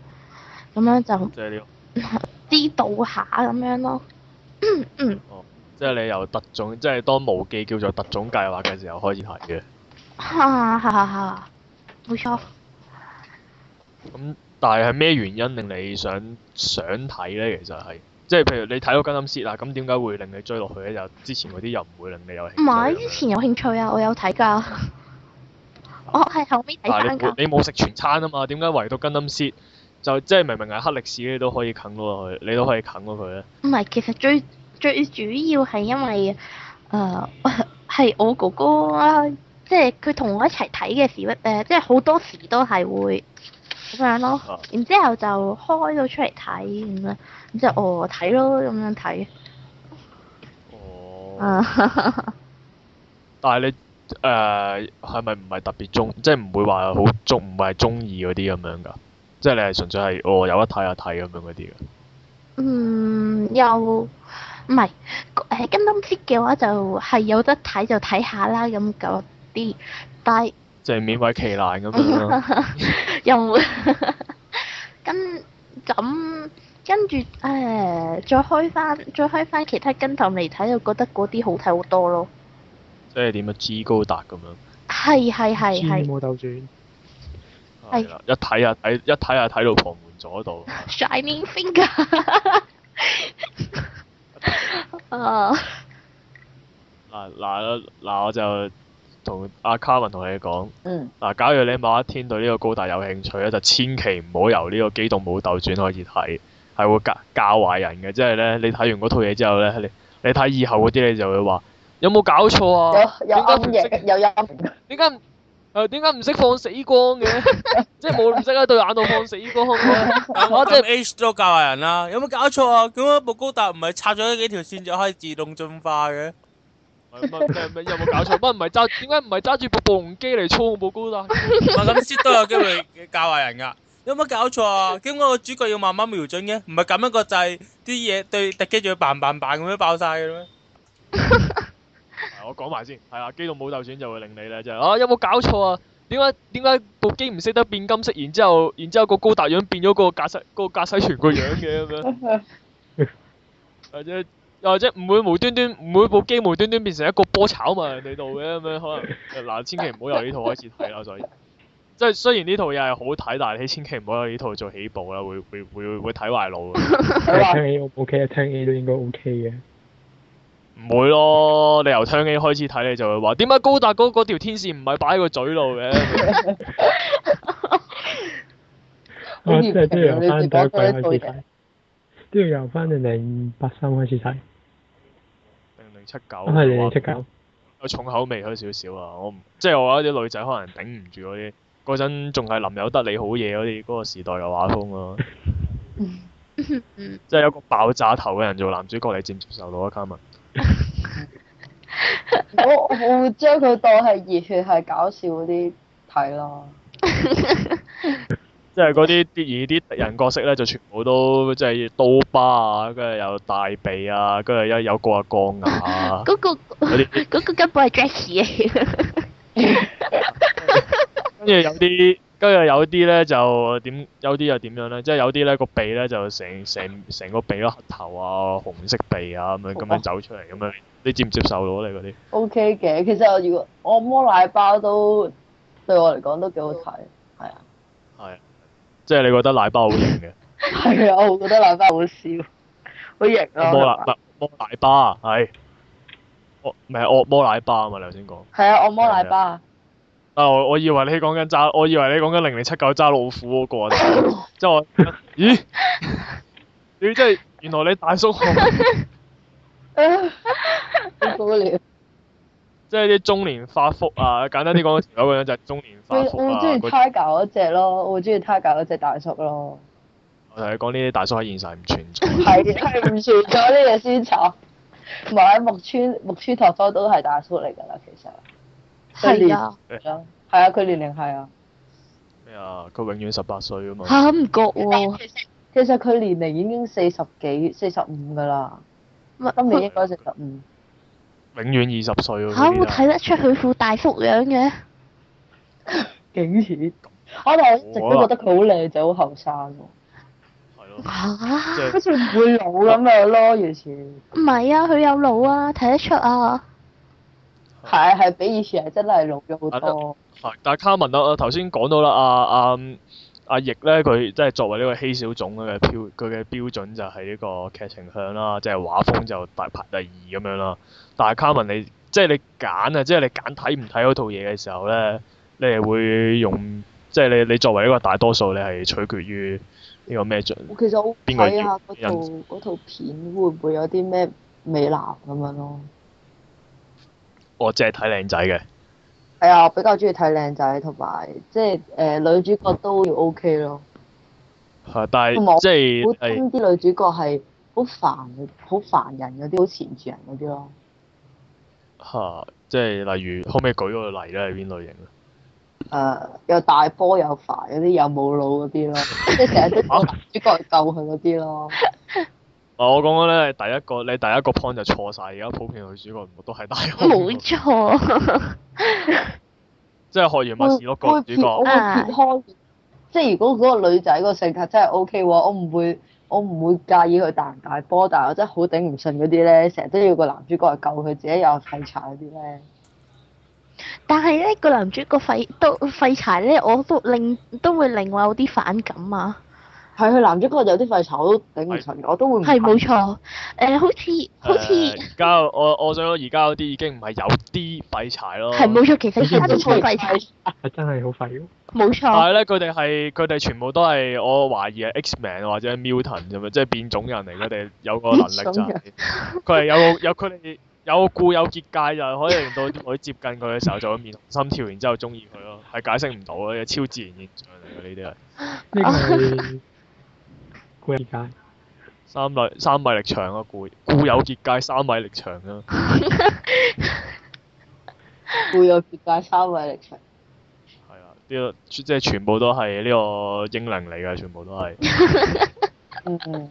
D: 咁樣就，就知道下咁樣咯。嗯。嗯哦
A: 即係你由特種，即係當無記叫做特種計劃嘅時候開始睇嘅。哈哈
D: 哈，
A: 冇錯。咁，但係係咩原因令你想想睇咧？其實係、就是，即係譬如你睇到 Gundam Seed 啊，咁點解會令你追落去咧？就之前嗰啲又唔會令你有興趣。唔係，之
D: 前有興趣啊，我有睇㗎。我係後尾睇翻。你
A: 冇食全餐啊嘛？點解唯獨 Gundam Seed 就即係明明係黑歷史，你都可以啃到落去，你都可以啃到佢咧？
D: 唔係，其實追。最主要係因為誒係、呃、我哥哥、啊，即係佢同我一齊睇嘅時候、呃、即係好多時都係會咁樣咯。啊、然之後就開咗出嚟睇咁樣，然之後我睇咯咁樣睇。
A: 哦。哦啊、 但係你誒係咪唔係特別鍾，即係唔會話好鍾，唔係鍾意嗰啲咁樣㗎？即係你係純粹係我、哦、有得睇啊睇咁樣嗰啲㗎。嗯，
D: 有。唔係，誒筋鬥嘅話就係有得睇就睇下啦咁嗰啲，但係就
A: 係免費騎覽咁樣
D: 咯、啊 又沒有笑。又跟咁跟住誒，再開翻再開翻其他跟鬥嚟睇，就覺得嗰啲好睇好多咯。
A: 即係點啊？《G 高達》咁樣。
D: 係係係係。的有冇鬥轉？
A: 係一睇啊睇一睇啊睇到旁門左度。
D: Shining Finger。
A: 啊！嗱嗱嗱，我就同阿卡文同你講，嗱、嗯，假如你某一天對呢個高達有興趣咧，就千祈唔好由呢個機動武鬥轉開始睇，係會教教壞人嘅。即係咧，你睇完嗰套嘢之後咧，你你睇以後嗰啲你就會話，有冇搞錯啊？
C: 有陰嘢，有
A: 陰。點誒，點解唔識放死光嘅？即係冇唔識喺對眼度放死光嘅？我即
B: 係 H 都教壞人啦！有冇搞錯啊？點解布高達唔係插咗呢幾條線就可以自動進化嘅？唔係唔
A: 係唔係，有冇搞錯？
B: 不過唔係揸，點解唔係
A: 揸住部部機嚟操控布高達？我諗 H 都有機會
B: 教壞人噶？有冇搞錯啊？點解個主角要慢慢瞄準嘅？唔係撳一個掣，啲嘢對敵機就要嘭嘭
A: 嘭咁樣爆曬嘅咩？我講埋先，係啊，機動武鬥傳就會令你咧就係、啊，有冇搞錯啊？點解點解部機唔識得變金色？然之後，然之後個高達變個樣變咗個駕駛，個駕駛員個樣嘅咁樣，或者或者唔會無端端，唔會部機無端端變成一個波炒嘛？你度嘅咁樣可能嗱、啊，千祈唔好由呢套開始睇啦，就即係雖然呢套嘢係好睇，但係你千祈唔好由呢套做起步啦，會會會會睇壞腦嘅。聽 A O K 啊，okay, 聽 A 都應該 O K 嘅。唔會咯！你由《槍機》開始睇，你就會話點解高達嗰嗰條天線唔係擺喺個嘴度嘅？我即係都要翻到零開始睇，
B: 都要由翻零零八三開始睇，
A: 零零七九。我係、啊、你即刻，有重口味開少少啊！我唔即係我覺得啲女仔可能頂唔住嗰啲嗰陣，仲係林有德你好嘢嗰啲嗰個時代嘅畫風咯、啊，即係有個爆炸頭嘅人做男主角，你接唔接受到啊，卡文？
C: 我我會將佢當係熱血係搞笑嗰啲睇咯，
A: 即係嗰啲啲而啲敵人角色咧就全部都即係刀疤啊，跟住有大髀啊，跟住又有一個又鋼牙，嗰個
D: 嗰個根本係 Jackie，
A: 跟住有啲。跟住有啲咧就點，有啲又點樣咧？即係有啲咧個鼻咧就成成成個鼻甩頭啊，紅色鼻啊咁樣走出嚟咁樣。你接唔接受到你嗰啲
C: ？OK 嘅，其實我如果惡魔奶巴都對我嚟講都幾好睇，係啊。係
A: 啊。即係你覺得奶巴好型嘅？
C: 係 啊，我會覺得奶巴好笑，好型啊！惡魔摸吧奶
A: 巴？惡魔奶巴啊，係。惡咪惡魔奶巴啊嘛！你頭先講。
C: 係啊，按摩奶巴。
A: 啊！我以為你講緊揸，我以為你講緊零零七九揸老虎嗰、嗰個， 即係我咦？你真係原來你大叔，好無
C: 聊，
A: 即係啲中年發福啊！簡單啲講，有一樣就係中年發福啊，我中意
C: Tiger 嗰隻咯，我中意 Tiger 嗰隻大叔咯。
A: 我同你講呢啲大叔喺現實係唔存
C: 在， 係係唔存在呢嘢先錯。唔係木村木村拓哉都係大叔嚟噶啦，其實。係啊，係啊，佢年齡係啊。咩
A: 啊？佢永遠十八歲啊嘛。吓，
C: 唔覺喎，其實佢年齡已經四十幾、四十五噶啦，
D: 啊、今年應該四十五。
A: 啊、永遠二十歲喎。吓，冇睇、啊、得出
D: 佢副大福樣嘅，
C: 竟然、
D: 啊。我哋一直都覺得佢好靚仔，好後
C: 生。係咯、
D: 啊。吓，好似唔會老咁
C: 樣咯，啊啊、以前。
D: 唔係啊，佢、啊、有老啊，睇得出啊。係係，比以前係真係老咗
A: 好多。但係卡文啊，頭先講到啦，阿阿阿譯咧，佢即係作為呢個稀少種嘅標，佢嘅標準就係呢個劇情向啦，即係畫風就大排第二咁樣啦。但係卡文你，即係你揀啊，即係你揀睇唔睇嗰套嘢嘅時候咧，你係會用，即係你你作為一個大多數，你係取決於呢個咩準其
C: 實我個？邊個？嗰套嗰套片會唔會有啲咩美男咁樣咯？
A: 我淨係睇靚仔嘅，
C: 係啊，我比較中意睇靚仔，同埋即係誒女主角都要 OK 咯。
A: 係、啊，但係有即係啲、
C: 哎、女主角係好煩好煩人嗰啲，好纏住人嗰啲咯。
A: 吓、啊，即係例如可唔可以舉個例咧？係邊類型咧？
C: 誒、呃，又大波又煩嗰啲，又冇腦嗰啲咯，即係成日都男主角救佢嗰啲咯。啊
A: 我講講咧，第一個你第一個 point 就錯晒。而家普遍女主角唔都係大波？冇沒錯。即係學完乜事咯，個主角。我
C: 會撇開，即係如果嗰個女仔個性格真係 O K，我唔會，我唔會介意佢大唔大波，但係我真係好頂唔順嗰啲咧，成日都要個男主角嚟救佢，自己又廢柴嗰啲咧。
D: 但係咧，個男主角廢都廢柴咧，我都令都會令我有啲反感啊！係佢男主角
C: 有啲廢柴，我都頂唔
D: 順，
C: 我都會。
A: 係冇錯，誒、呃、好似好似。而家、呃、我我想而家嗰啲已經唔係有啲廢柴咯。係冇錯，其實其他都好廢柴。係、啊、真係好廢。冇錯。但係咧，佢哋係佢哋全部都係我懷疑係 X-Men 或者係 Milton 咁樣，即係變種人嚟。佢哋有個能力就佢、是、係有有佢哋有固有結界、就是，就係可以令到可以接近佢嘅時候，就面心跳，然之後中意佢咯，係解釋唔到嘅超自然現象嚟嘅呢啲係。 是 三米三米力場啊，固固有結界三米力場啊，
C: 固 有結界三米力場。
A: 係啊， 啲即係全部都係呢個英靈嚟嘅，全部都係。嗯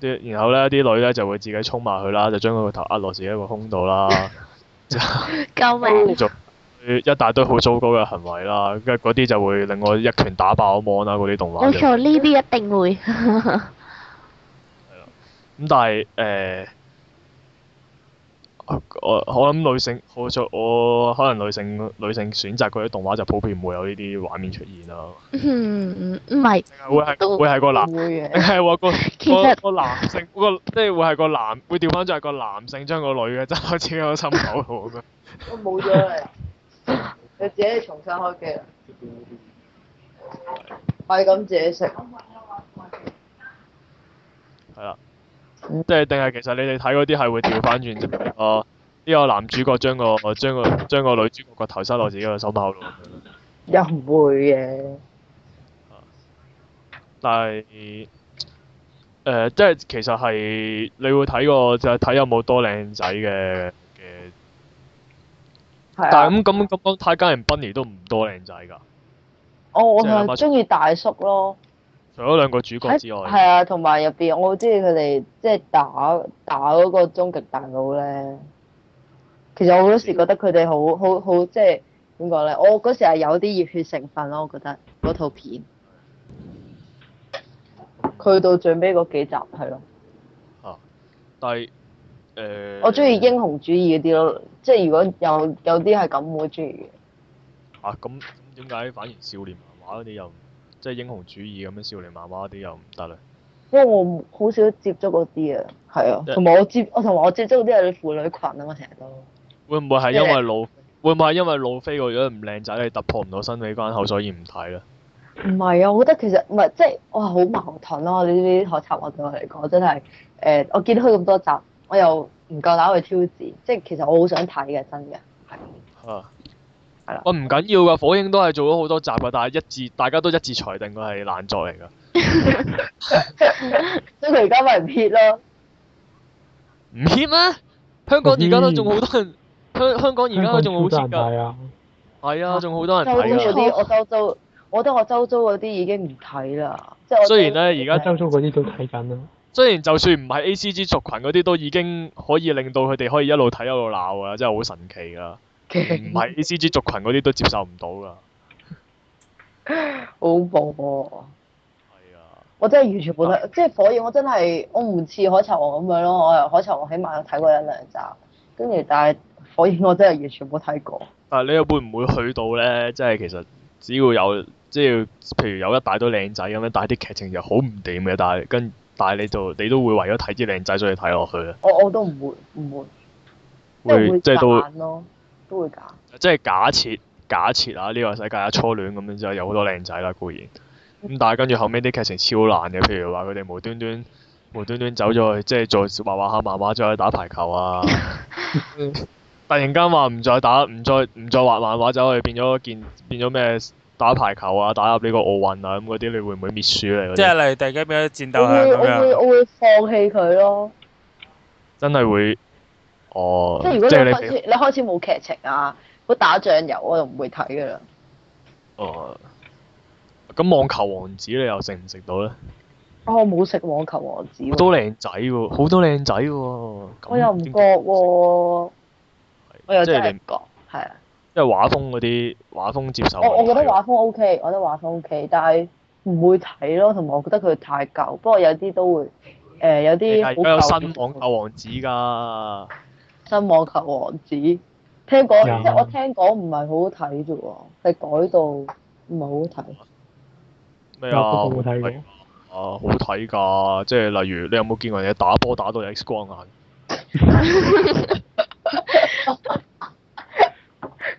A: 嗯。然後呢啲女呢就會自己衝埋去啦，就將佢個頭壓落自己個胸度啦。
D: 救命 了！
A: 一大堆好糟糕嘅行為啦，跟嗰啲就會令我一拳打爆個網啦！嗰啲動畫冇錯，
D: 呢啲一定會
A: 咁 但係誒、呃，我我諗女性冇錯，我可能女性，能女，性女性選擇嗰啲動畫就普遍唔會有呢啲畫面出現啦。唔係、嗯、會
D: 係是都 會係個男，係喎
A: 個會 其實個個
D: 男性個
A: 即係會係個男，會調翻轉係個男性將個女嘅揸係黐喺個心口度咁
D: 冇
C: 咗你你自己重新
A: 開機啦，係咁的自己食，係啦的，嗯、即係定係其實你哋睇嗰啲係會調翻轉，即係 啊呢、呢個男主角將個將個將個女主角個頭塞落自己個手包度，
C: 又唔、 嗯、會嘅，
A: 但係誒、呃，即係其實係你會睇過就係、係、睇有冇多靚仔嘅。但係咁咁咁多 Tiger and Bunny 都唔多靚仔噶，
C: 我我係中意大叔咯。
A: 除咗兩個主角之外，係
C: 啊，同埋入邊我好中意佢哋即係打打嗰個終極大佬咧。其實我嗰時覺得佢哋好好好即係點講咧？我嗰時係有啲熱血成分咯，我覺得嗰套片。去到最尾嗰幾集係咯，吓、啊
A: 啊，但係誒，呃、我中意英
C: 雄主義嗰啲咯。即係如果有有啲係咁我中意
A: 嘅。啊咁點解反而少年漫畫嗰啲又即係英雄主義咁樣？少年漫畫嗰啲又唔得咧？
C: 因為我好少接觸嗰啲啊，係啊同
A: 埋，同埋我
C: 接我同埋我接觸嗰啲係啲婦女群啊，我成日都。會唔會
A: 係因，就係，因為老？會唔會係因為老飛個樣唔靚仔，你突破唔到心理關口，所以唔睇咧？
C: 唔係啊，我覺得其實唔係即係哇好矛盾咯，啊。你呢啲海賊王對我嚟講真係誒、呃，我見到佢咁多集。我又唔夠膽去挑戰，即係其實我好想睇嘅，真
A: 嘅係。啊，了啊係啦。我唔緊要㗎，《火影》都係做咗好多集㗎，但係一致大家都一致裁定佢係爛作嚟㗎。即
C: 係佢而家咪唔撇咯。唔撇啊！香港而家都仲好多人、啊啊、多人香香港而家都仲好多人
A: 睇啊。係啊，仲好多人睇啊。嗰啲，我
C: 周遭，我覺得我周遭嗰啲已經唔睇啦。雖
A: 然咧但，而家周遭嗰啲都睇緊啊。雖然就算唔係 A.C.G. 族群嗰啲，都已經可以令到佢哋可以一路睇一路鬧啊！真係好神奇噶，唔係 A.C.G. 族群嗰啲都接受唔到噶。
C: 好恐怖啊怖！係啊的！我真係完全冇睇，哎、即係火影我真係我唔似海賊王咁樣咯，我由海賊王，王起碼有睇過一兩集，跟住但係火影我真係完全冇睇過。
A: 啊！你又會唔會去到咧？即係其實只要有即係譬如有一大堆靚仔咁樣，但係啲劇情又好唔掂嘅，但係跟。但係你就你都會為咗睇啲靚仔，所以睇落去嘅。
C: 我我都唔會唔會，會，會即係都，都會
A: 揀。即係假設假設啊，呢個世界啊，初戀咁樣就有好多靚仔啦固然。咁但係跟住後尾啲劇情超爛嘅，譬如話佢哋無端端無端端走咗去，即係做畫畫下漫畫再去打排球啊。 突然間話唔再打唔再唔再畫漫畫，走去變咗件變咗咩？打排球啊，打入呢個奧運啊，咁嗰啲你會唔會滅書嚟？即係你突然間變咗戰
C: 鬥係咁啊！我會，我會，我會放棄佢咯，
A: 真係會哦。呃、即係如果你開
C: 始，你開始冇劇情啊，好打醬油我，我又唔會睇噶啦。哦，
A: 咁網球王子你又食唔食到咧、
C: 哦？我冇食網球王子。好
A: 多靚仔喎，好多靚仔喎。我又唔
C: 覺喎，我又真係唔覺係啊。
A: 即係畫風嗰啲畫風接受。我、哦、我覺
C: 得畫風 O、OK, K，我覺得畫風 O、OK, K，但係唔會睇咯，同埋我覺得佢太舊。不過有啲都會誒、呃、有啲。係。有新
A: 網球王子㗎、啊。
C: 新網球王子，聽講即係我聽講唔係好好睇啫喎，係改到唔係好睇。
A: 咩啊？好睇啊，好睇㗎！即係例如，你有冇見過人哋打波打到有 X 光眼？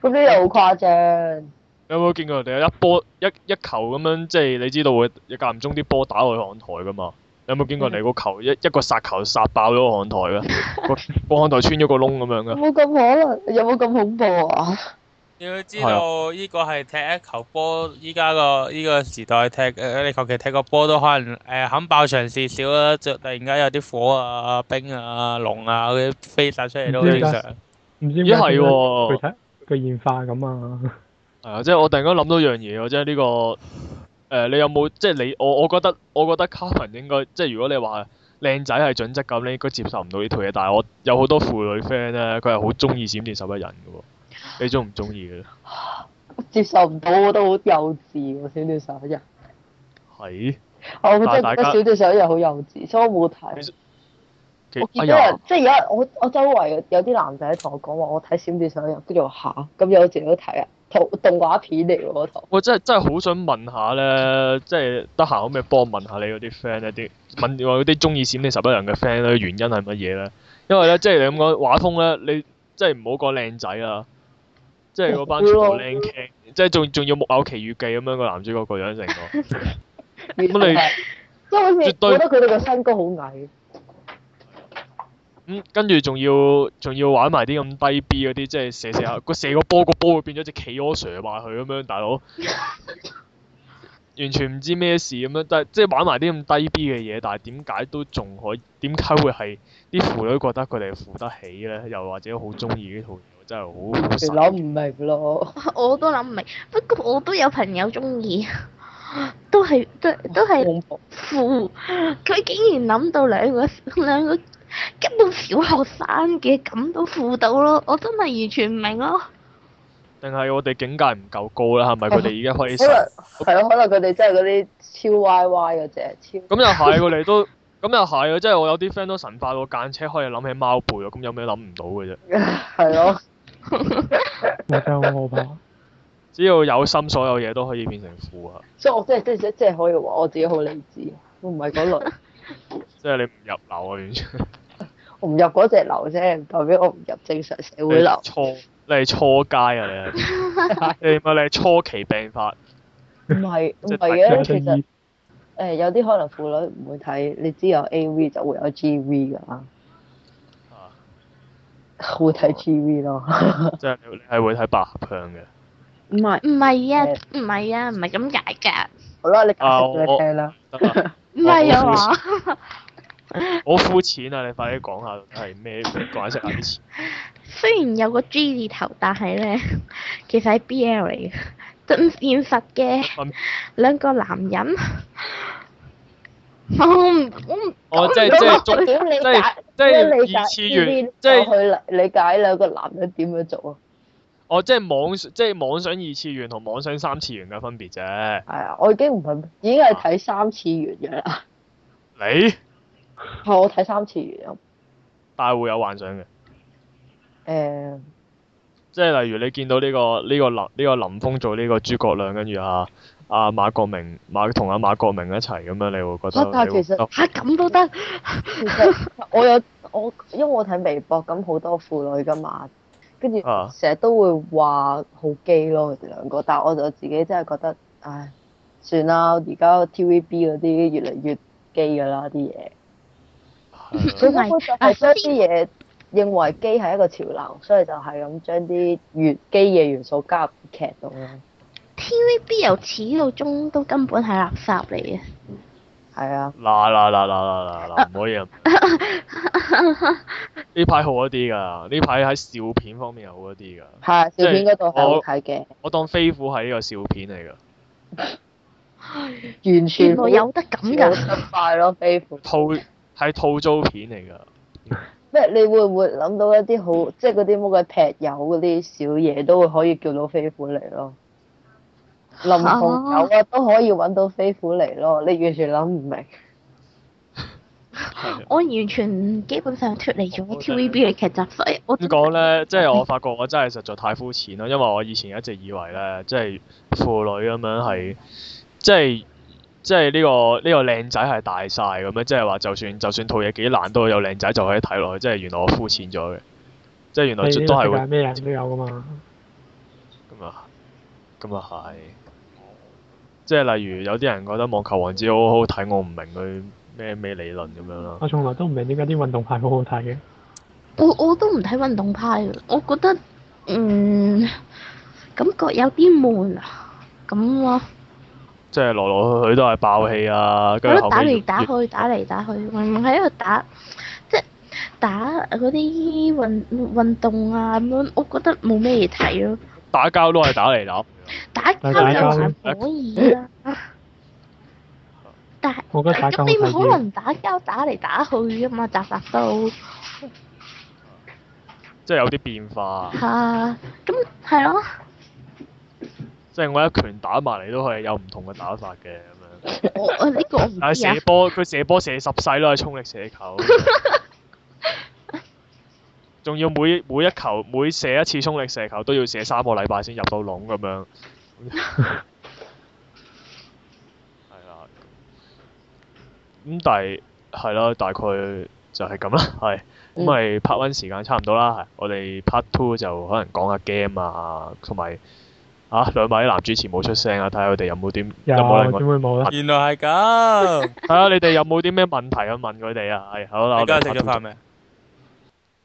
C: 嗰啲又好誇
A: 張。有冇見過人哋一波一一球咁樣，即係你知道會，亦間唔中啲波打落去看台㗎嘛？有冇見過人哋個球一一個殺球殺爆咗個看台嘅？個個看台穿咗個窿咁樣嘅。
D: 冇咁可能，有冇咁恐怖啊？你要
A: 知道球球球，
B: 呢個係踢一球波，依家個
A: 呢個時代
B: 踢誒，你求其踢個波都可能誒，肯、呃、爆場事少啦，突然間有啲火啊、
A: 冰啊、龍啊嗰啲飛晒出嚟都正
B: 常。唔知咩？一嘅演化咁啊，
A: 係啊！即係我突然間諗到一樣嘢喎，即係、這、呢個誒、呃，你有冇即係你我我覺得我覺得卡 a r b 應該即係如果你話靚仔係準則咁，你應該接受唔到呢套嘢。但係我有好多婦女 friend 咧，佢係好中意閃電十一人嘅喎，你中唔中意嘅咧？
C: 接受唔到，覺得好幼稚喎！閃電十一人係，是我真覺得閃電十一人好幼稚，所以我冇睇。我見多即係而家，我我周圍有啲男仔同我講話，我睇《閃電十一人》，跟住我嚇，咁有冇自己睇啊？套動畫片嚟喎。我真
A: 係真係好想問下咧，即係得閒可唔可以幫我問下你嗰啲 friend 一啲問話嗰啲中意《閃電十一人》嘅 friend 咧，原因係乜嘢咧？因為咧，即係你咁講話通咧，你即係唔好講靚仔啊！
C: 即係嗰班全
A: 部靚劇，即係仲仲要木偶奇遇記咁樣個男主角個樣成個。
C: 咁你即係好似覺得佢哋個身高好矮？
A: 跟住仲要仲要玩埋啲咁低 B 嗰啲，即係射射下個射個波，個波會變咗隻企鵝 Sir 話佢咁樣，大佬 完全唔知咩事咁樣。但即係玩埋啲咁低 B 嘅嘢，但係點解都仲可以？點解會係啲腐女覺得佢哋腐得起咧？又或者好中意呢套嘢，真係好。你諗
C: 唔明咯。
D: 我都諗唔明，不過我都有朋友中意，都係都都係腐。佢竟然諗到兩個兩個。根本小學生嘅咁都負到咯，我真係完全唔明咯。
A: 定係我哋境界唔夠高啦，係咪佢哋而家可以？係
C: 咯、 欸欸，可能佢哋真係嗰啲超歪歪嘅隻。咁又係，
A: 你都咁又係啊！即係我有啲 friend 都神化到間車可以諗起貓背啊！咁有咩諗唔到嘅啫？
C: 係咯、欸。
A: 我真係好無語。只要有心，所有嘢都可以變成負啊！
C: 所以我真係真真真係可以話我自己好理智，我唔係嗰類。
A: 即係你唔入流啊！完全。
C: 唔入嗰隻流啫，代表我唔入正常社會流。錯，
A: 你係初階啊！ 你係，點解你係初期病發？唔係
C: 唔係嘅，其實誒、欸、有啲可能婦女唔會睇，你知有 AV 就會有 GV 㗎啦。啊、會睇 GV 咯。
A: 即係你係會睇百合向嘅。唔
D: 係唔係啊，唔係啊，唔係咁解㗎、啊。我覺得你
A: 講得太清楚。
D: 唔係啊嘛。
A: 好膚淺啊！你快啲講下係咩？講下識下
D: 雖然有個 G 字頭，但係咧，其實係 BL 嚟嘅，真現實嘅兩個男人。我唔、嗯，我、嗯、唔。
A: 我即係即係做，Joy ful,
C: 即係即係二次元，面即係去理解兩個男人點樣做啊！哦，
A: 即係妄即係妄想二次元同妄想三次元嘅分別啫。係
C: 啊，我已經唔係已經係睇三次元嘅啦。
A: 你？
C: 係、嗯、我睇三次咁，
A: 但係會有幻想嘅，誒、嗯，即係例如你見到呢、這個呢、這個林呢、這個林峰做呢個諸葛亮，跟住阿阿馬國明馬同阿、啊、馬國明一齊咁樣，你會覺得會、啊，但係其實吓
C: 咁都得，哦啊、 其實我有我，因為我睇微博咁好、嗯、多婦女噶嘛，跟住成日都會話好基咯，佢哋兩個，啊、但係我就自己真係覺得，唉，算啦，而家 T V B 嗰啲越嚟越基噶啦啲嘢。 所以，觀眾啲嘢認為機係一個潮流，所以就係咁將啲粵機
D: 嘅元素加入劇度咯。T V B 由始到終都根本係垃圾嚟嘅。
A: 係 啊，嗱嗱嗱嗱嗱嗱，唔可以啊！呢排好一啲㗎，呢排喺笑片方面又好一啲㗎。係笑片嗰度好好睇嘅。我當飛虎係呢個笑片嚟㗎。原
C: 來完全 有得咁㗎。完好失敗咯，飛虎。
A: 係套租片嚟㗎，
C: 咩？你會唔會諗到一啲好，即係嗰啲乜鬼劈友嗰啲小嘢都會可以叫到飛虎嚟咯？林峯友啊，友都可以揾到飛虎嚟咯，你完全諗唔明。 是的
D: 我完全基本上脫離咗 TVB 嘅劇集，所以
A: 我點講咧？ 即係我發覺我真係實在太膚淺咯，因為我以前一直以為咧，即係父女咁樣係，即係。即係呢個呢個靚仔係大晒咁樣，即係話就算就算套嘢幾難都有靚仔就可以睇落去。即係原來我膚淺咗嘅，即係原來都係會
B: 咩人都有㗎嘛。
A: 咁啊，咁啊係。即係例如有啲人覺得網球王子好好睇，我唔明佢咩咩理論咁樣咯。我從來都唔明點
B: 解啲運動派
A: 好好睇
D: 嘅。我我都唔睇運動派我覺得嗯，感覺有啲悶咁喎。
A: 即係來來去去都係爆氣啊！我覺得打嚟打去，
D: 打嚟打去，唔係喺度打，即係打嗰啲運運動啊咁樣，我覺得冇咩嘢睇咯。
A: 打交都係打嚟打。打交又可以啊！
D: 但係咁點可能打交打嚟打去嘅嘛，集集都。
A: 即係有啲變化。嚇！
D: 咁係咯。
A: 即係我一拳打埋嚟都係有唔同嘅打法嘅咁樣。我
D: 我呢個我唔。但係射波，
A: 佢射波射十世都係衝力射球。仲要每每一球每射一次衝力射球都要射三個禮拜先入到籠咁樣。係啦。咁但係，係咯，大概就係咁啦，係。因為 part one 時間差唔多啦，我哋 part two 就可能講下 game 啊，同埋。啊，兩位男主持冇出聲啊，睇下佢哋有冇點有冇？點會冇咧？原來係咁。係 啊，你哋有冇啲咩問題去問佢哋啊？係、哎，好啦， 我你而家食咗飯未？